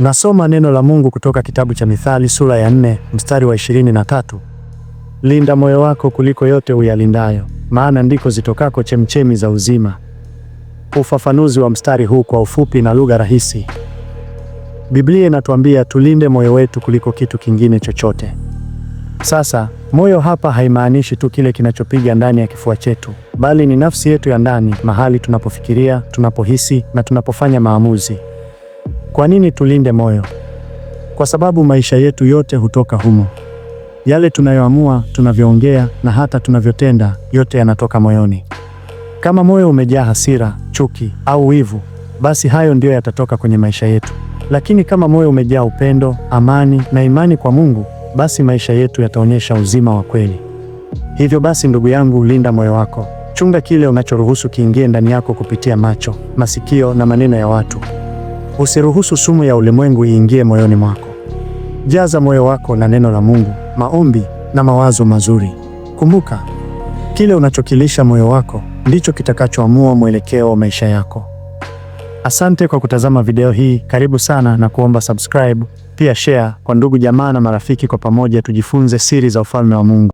Nasoma neno la Mungu kutoka kitabu cha Mithali sura ya nne mstari wa ishirini na tatu. Linda moyo wako kuliko yote uyalindayo, maana ndiko zitokako chemchemi za uzima. Ufafanuzi wa mstari huu kwa ufupi na lugha rahisi. Biblia inatuambia tulinde moyo wetu kuliko kitu kingine chochote. Sasa, moyo hapa haimaanishi tu kile kinachopiga ndani ya kifua chetu, bali ni nafsi yetu ya ndani, mahali tunapofikiria, tunapohisi na tunapofanya maamuzi. Kwa nini tulinde moyo? Kwa sababu maisha yetu yote hutoka humo. Yale tunayoamua, tunavyoongea na hata tunavyotenda, yote yanatoka moyoni. Kama moyo umejaa hasira, chuki au wivu, basi hayo ndiyo yatatoka kwenye maisha yetu. Lakini kama moyo umejaa upendo, amani na imani kwa Mungu, basi maisha yetu yataonyesha uzima wa kweli. Hivyo basi, ndugu yangu, linda moyo wako. Chunga kile unachoruhusu kiingie ndani yako kupitia macho, masikio na maneno ya watu. Usiruhusu sumu ya ulimwengu iingie moyoni mwako. Jaza moyo wako na neno la Mungu, maombi na mawazo mazuri. Kumbuka, kile unachokilisha moyo wako ndicho kitakachoamua mwelekeo wa maisha yako. Asante kwa kutazama video hii, karibu sana na kuomba subscribe, pia share kwa ndugu jamaa na marafiki. Kwa pamoja tujifunze siri za ufalme wa Mungu.